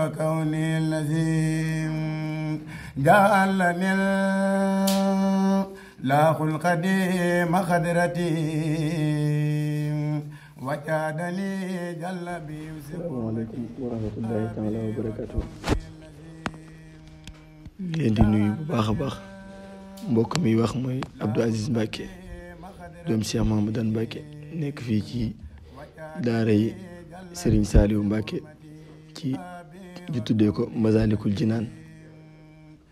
وكوني الذي جعلني لا خلق ديم خدرتي وجعلني جل بيوسف السلام عليكم ورحمة الله nuyu bu baax a mbokk mi wax mooy Abdou Aziz Mbacke doom Cheikh Mahamadan Mbacke nekk fii ci daara yi Serigne Saliou ñu tuddee ko Masalikul Jinaan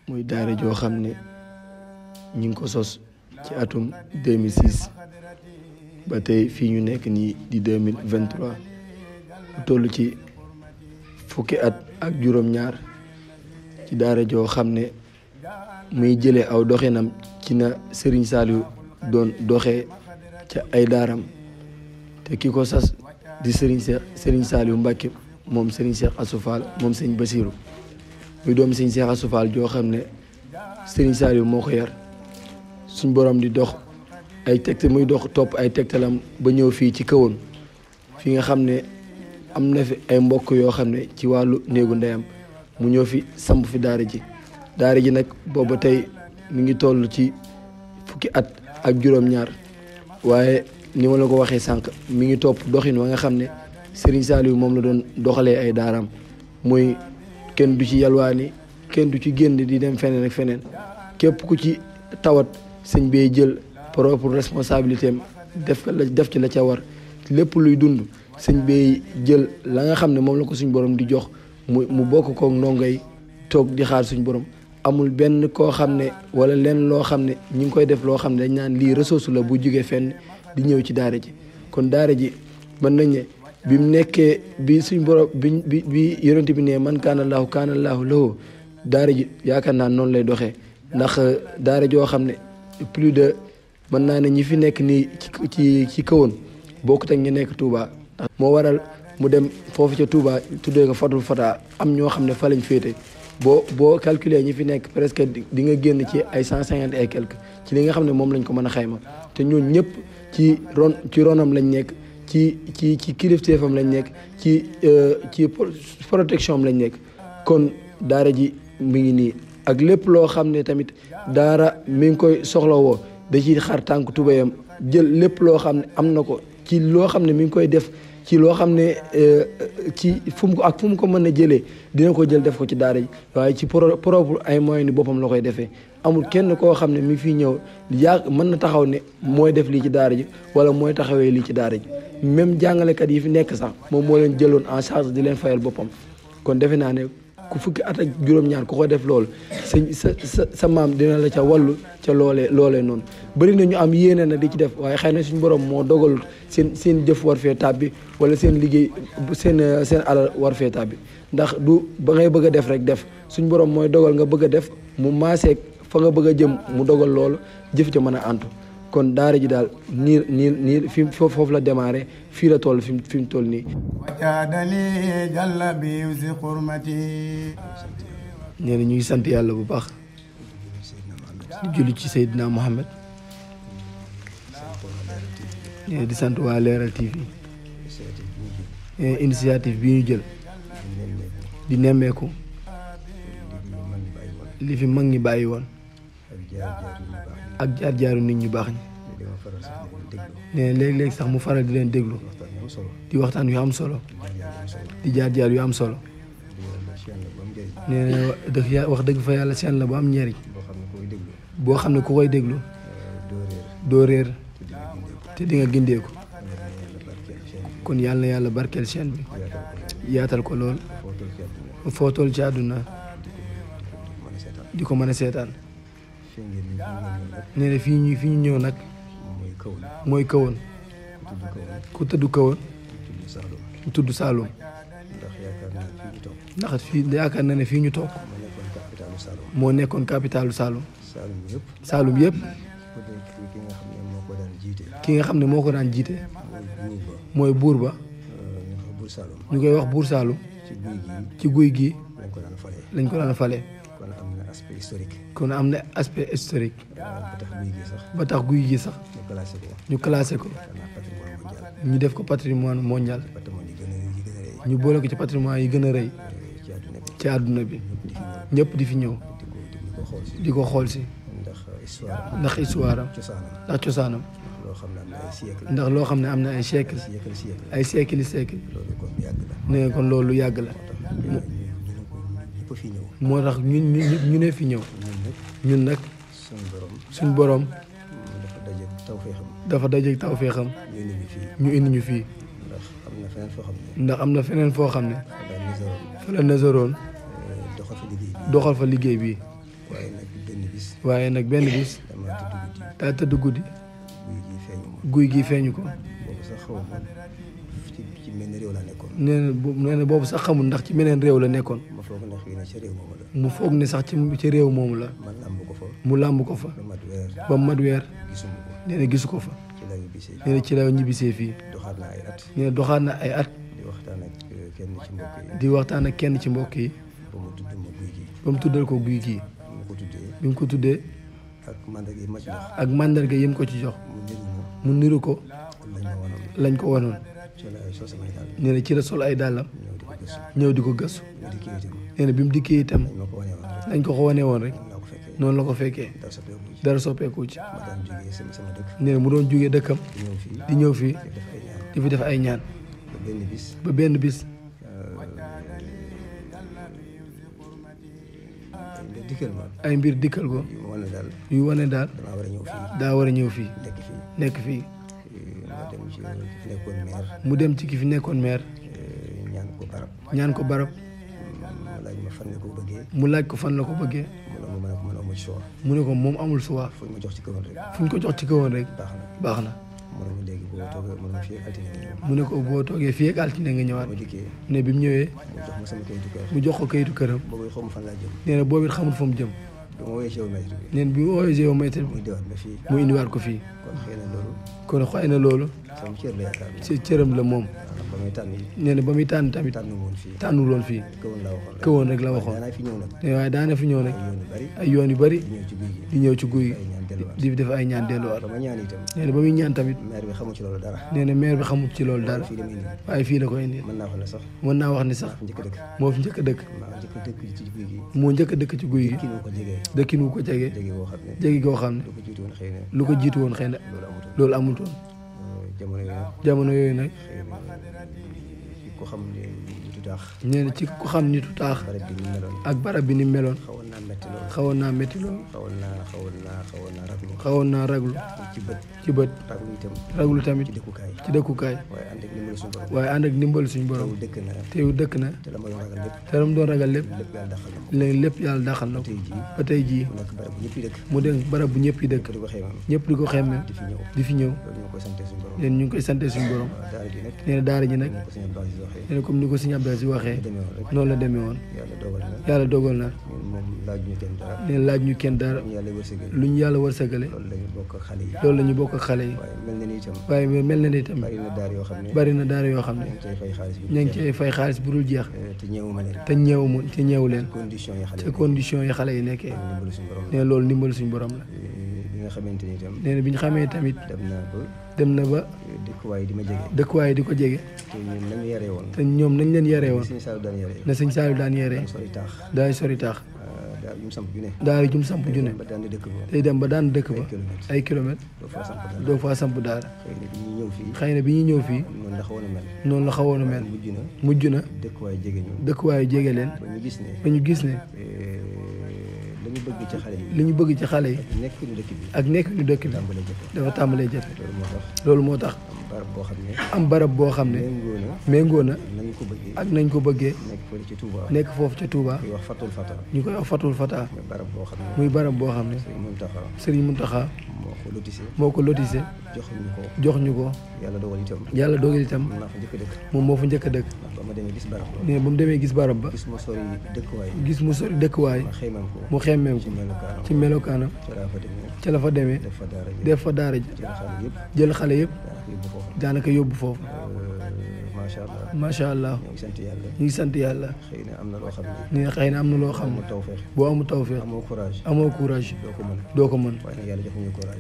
muy daare joo xam ne ñi ngi ko sos ci atum 2006 ba tey fii ñu nekk nii di 2023 mu toll ci fukki at ak juróom-ñaar ci daara joo xam ne muy jële aw doxinam ci na sëriñ Saliou doon doxee ci ay daaram te ki ko sas di Serigne Serigne Saliou Mbacke moom sëriñ Cheikh Assou Fall moom sëriñ Basirou muy doom sëriñ seex Assou Fall joo xam ne sëriñ Saliou moo ko yar suñ boroom di dox ay tegtal muy dox topp ay tegtalam ba ñëw fii ci kawoon fi nga xam ne am na fi ay mbokk yoo xam ne ci wàllu néegu ndeyam mu ñëw fi samp fi daara ji daari ji nag booba tey mu ngi toll ci fukki at ak juróom-ñaar waaye ni ma la ko waxee sànq mi ngi topp doxin wa nga xam ne Serigne Saliou moom la doon doxalee ay daaram mooy kenn du ci yalwaani kenn du ci génn di dem feneen ak feneen képp ku ci tawat sëñ bee jël propre responsabilité am def def ci la ca war lépp luy dund sëñ bee jël la nga xam ne moom la ko suñ boroom di jox mu mu bokk kook ndongo yi toog di xaar suñ borom. amul benn koo xam ne wala lenn loo xam ne ñu ngi koy def loo xam ne dañ naan lii ressource la bu jugee fenn di ñëw ci daara ji kon daara ji mën nañ ne bi mu nekkee bi suñ boro bi bi bi yonent bi ne man kaana laahu kaana laahu lahu daara ji yaakaar naa noonu lay doxee ndax euh, daara joo xam ne plus de mën naa ne ñi fi nekk nii ci ci kawoon bokkut ak ñi nekk Touba. moo waral mu dem foofu ca Touba tuddee ko fatul fata am ñoo xam ne fa lañ féete boo boo calculer ñi fi nekk presque di nga génn ci ay cent cinquante et quelque ci li nga xam ne moom lañ ko mën a xayma te ñooñu ñëpp ci ron ci ronam lañ nekk. ci ci ci kilifteefam lañ nekk ci euh, ci protection am lañ nekk kon daara ji mi ngi nii ak lépp loo xam ne tamit daara mi ngi koy soxlawoo da ci xar tànk tubéyam jël lépp loo xam ne am na ko ci loo xam ne mi ngi koy def ci loo xam ne euh, ci fu mu ko ak fu mu ko mën a jëlee dina ko jël def ko ci daara ji waaye ci propre ay moyens ni boppam la koy defee amul kenn koo xam ne mi ngi fiy ñëw yaa mën na taxaw ne mooy def lii ci daara ji wala mooy taxawee lii ci daara ji même jàngalekat yi fi nekk sax moom moo leen jëloon en charge di leen fayal boppam kon defe naa ne ku fukki at ak juróom-ñaar ku ko def loolu sa sa sa maam dina la ca wallu ca loole loole noonu bëri na ñu am yéene na di ci def waaye xëy na suñu borom moo dogal seen seen jëf war fee tàbbi wala seen liggéey seen euh, seen alal war fee tàbbi ndax du ba ngay bëgg a def rek def suñu borom mooy dogal nga bëgg a def mu maaseeg fa nga bëgg jëm mu dogal loolu jëf ca mën a antu kon daara ji daal niir foofu la démarré fii la toll fi fi toll nii nee na ñu ngi sant yàlla bu baax di ci Seydina Mohamed nee di sant waa Leeral TV initiative bi ñu jël di nemmeeku li fi mag ñi bàyyi woon ak jaar jaaru nit ñu baax ñi. nee na léeg-léeg sax mu faral di leen déglu. di waxtaan yu am solo. di jaar jaar yu am solo. nee na wax dëgg fa yàlla seen la bu am njariñ. boo xam ne ku koy déglu. doo réer. te di nga gindeeku. kon yàlla na yàlla barkeel seen bi. yaatal ko lool. foo toll ci àdduna. di ko mën a seetaan. nee na fii ñu fi ñu ñëw nag mooy kawoon ku tëdd kawoon ku tudd Saloum ndax fii yaakaar na ne fii ñu toog moo nekkoon capitalu Saloum Saloum yëpp ki nga xam ne moo ko daan jiite mooy buur ba euh, ñu koy wax buur Saloum ci guy gi lañ ko daan falee. lañ ko daan falee. kon am na aspect historique. kon am na aspect historique. ba tax guy gi sax. ba tax guy gi sax. ñu classé ko. ñu classé ñu def ko patrimoine mondial. ñu boole ko ci patrimoine yi gën a rëy. ci àdduna bi. ñëpp di fi ñëw. di ko xool si. ndax histoire ndax histoire am. ndax cosaanam. ndax loo xam ne am na ay siècle. ay siècle siècle. ne kon loolu yàgg la. ñëpp fi ñëw. moo tax ñun ñu ñu ne fi ñëw. ñun nag suñu boroom suñu borom. dafa dajeeg taw dafa ñu indi ñu fii ñu indi ndax am na feneen foo xam ne. ndax am na feneen foo xam eh, doxal fa liggéey bi doxal waaye nag benn bis. waaye nag daa tëdd guddi. guy gii feeñu ko. ci meneen réew la boobu nee sax xamul ndax ci meneen réew la nekkoon. mu foog ne mu foog sax ci ci réew moomu la. mu làmb ko fa. mu làmb ko fa. ba mat weer ba mat weer. gisuma ko ko fa. ci la ñibbisee nee na ci la fii. doxaat na ay at. nee na doxaat na ay at. di waxtaan ak euh, kenn ci mbokk yi. di waxtaan ak kenn ci mbokk yi. ba mu tudd tuddal ko guy gii. bi mu ko tuddee. ko tuddee. ak mandarga yi ma ci jox. ko ci jox. mu niru ko. lañ ko wanoon. nee na ci la sol ay dàllam ñëw di ko gëstu nee na bi mu dikkee itam dañ ko ko wane woon rek noonu la ko fekkee dara soppeeku ci nee na mu doon jógee dëkkam di ñëw fii di fi def ay ñaan ba benn bis ay mbir dikkal ko yu wane daal daa war a ñëw fii nekk fii Ah, mu dem ci ki fi nekkoon maire. mu dem ci ki fi nekkoon maire. Eh, ñaan ko barab. ñaan ko barab. mu laaj fan la ko bëggee. mu laaj ko fan la ko bëggee. mu ne ko man amul choix. mu ne ko moom amul choix. fu ñu ko jox ci kawoon rek. fu ko jox ci kawoon rek. baax na na. mu ne ko léegi boo toogee mu ne ko altine nga ñëwaat. mu ne ko boo toogee fii ak nga ñëwaat. ne bi mu ñëwee. mu jox ko kayitu mu jox ko kayitu këram. boobu it xamul fan laa jëm. nee na boobu it fa mu jëm. neen bi mu woowee géomètre bi mu indiwaat ko fii kon xëy na loolu sama cër la yaakaar si cëram la moom. nee na ba muy tànn tamit tànnul woon fii këwoon rek la waxoon waaye daana fi ñëw nag ay yoon yu bari di ñëw ci guy di def ay ñaan delluwaat nee na ba muy ñaan tamit nee na maire bi xamut ci loolu dara waaye fii la koy indi man naa wax ni sax moo fi njëkk a dëkk moo njëkk a dëkk ci guy gi dëkki nu ko jege jege goo xam ne lu ko jiit woon xëy na loolu amutoon jamono yooyu nag. jamono yooyu nag. ku xam nitu taax. nee na ci ku xam nitu taax. ak barab bi ni mu meloon. xawoon naa métti lool. xawoon naa métti lool. xawoon naa xawoon naa xawoon naa raglu. xawoon naa raglu. ci bët ci bët. raglu itam. raglu tamit ci dëkkukaay. ci dëkkukaay. waaye ànd ak ndimbalu suñu borom. waaye ak ndimbalu suñu borom. teew dëkk na teew dëkk na. te la ma doon ragal lépp. te la ma doon ragal lépp. léegi lépp yàlla daxal na ko. ba tey jii mu nekk barab bu ñëpp yi dëkk. ñëpp di ko xeemee. di fi ñëw. yéen ñu ngi koy sante suñu borom. nee na daara ji nag waxee. comme ni ko si Abdou Aziz waxee. noonu la deme woon. yàlla dogal na. nee na laaj ñu kenn dara. lu ñu yàlla war sëgale. loolu la ñu bokk ak xale yi. waaye mel na ni itam. bari na daara yoo xam ne. ña ngi cay fay xaalis bu dul jeex. Eh, te ñeewu ma te ñeewu leen. te condition yi xale yi nekkee. nee na loolu ndimbalu suñu borom la. nee na eh, bi ñu xamee tamit. dem na ba. dëkkuwaay di ma jege. dëkkuwaay di ko jege. te ñoom nañ leen yaree woon. te ñoom nañ leen yaree woon. ne sëñ Saalu daan yaree. daay sori taax. daal ah, jum samp junne. daal jum samp junne. tey dem ba daan dëkk ba. ay kilomètres. doo faa samp daal. xay na bi ñu ñëw fii. noonu la xawoon a mel. mujj na. dëkkuwaay jege leen. ba ñu gis ne. ñu bëgg ci xale yi. li ñu bëgg ci xale yi. ak nekk ñu dëkk bi. ak nekk ñu dëkk bi. dafa tàmbalee jafe. loolu moo tax. am barab boo xam ne. méngoo na ak nañ ko bëggee. nekk foofu ca Touba. ñu koy wax Fatul Fata. muy barab boo xam ne. Serigne Mountakha. moo ko lotissé. jox ñu ko. yàlla dogal itam. moom moo fa njëkk a dëkk. mais ba mu demee gis barab ba. gis mu sori dëkkuwaay. mu xaymaam nemmeeku ci melokaanam ca la fa demee def fa daara ja jël xale yëpp daanaka yóbbu foofu euh, macha allah macha allah ñu ngi sant yàlla ñu ngi sant yàlla xëy na am na loo xam ne ne xëy na am na loo xam boo amul tawfeex amoo courage amoo courage doo ko mën doo ko mën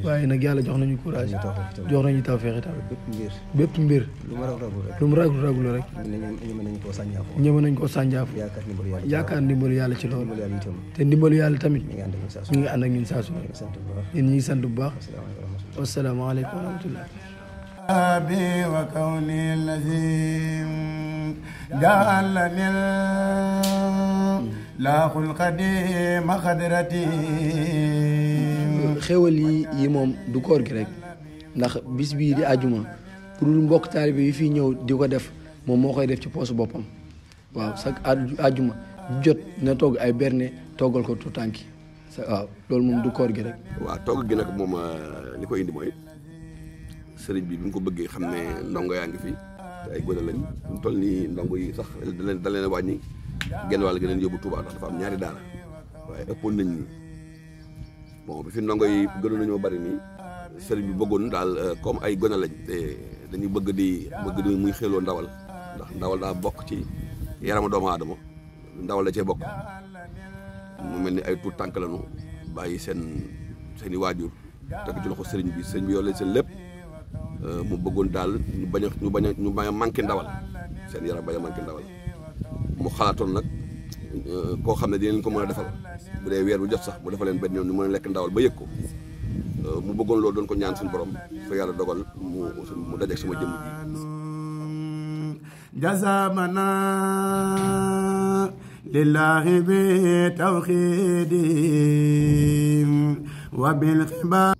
waaye nag yàlla jox nañu courage jox nañu tawfeex itam bépp mbir lu mu raglu raglu rek ñeme nañ koo sànjaafu yaakaar ndimbalu yàlla ci loolu te ndimbalu yàlla tamit ñu ngi ànd ak ñun saa su ne ñun ñu ngi sant bu baax wasalaamaaleykum wa rahmatullah بي وكوني الذي جعلني لا yi moom du koor gi rek ndax bis bii di ajuma ku dul mbokk taalibe yi fii ñëw di ko def moom moo koy def ci poosu boppam waaw chaque ajuma jot na togg ay berne toggal ko tuutànki waaw loolu moom du koor gi rek waaw togg gi nag moom ah, li ko indi mooy sëriñ bi bi mu ko bëggee xam ne ndongo yaa ngi fi ay gone lañ ñu toll nii ndongo yi sax da leen a wàññi genn wàll gi leen yóbbu Touba ndax dafa am ñaari daal waaye ëppoon nañ ni bon fi ndongo yi gënoon nañoo bari nii sëriñ bi bëggoon daal euh, comme ay gone lañ te dañu bëgg di bëgg di muy xeloo ndawal ndax ndawal daa bokk ci yaramu doomu aadama ndawal da cee bokk mu mel ni ay tuut tànk lañu bàyyi seen seeni i waajur teg ci loxo sëriñ bi sëriñ bi yoo lañ seen lépp. Euh, mu bëggoon daal ñu bañ a ñu bañ ñu bañ a manqué ndawal seen yaram bañ a manqué ndawal mu xalaatoon nag euh, koo xam ne dinañ ko mën a defal bu dee weer bu jot sax mu defal benn ñu mën a lekk ndawal ba yëg ko euh, mu bëggoon loolu doon ko ñaan suñu borom fa yàlla dogal mu mu dajeeg sama jëmm ji jazamana lillahi bi tawxidi wa bil xibaar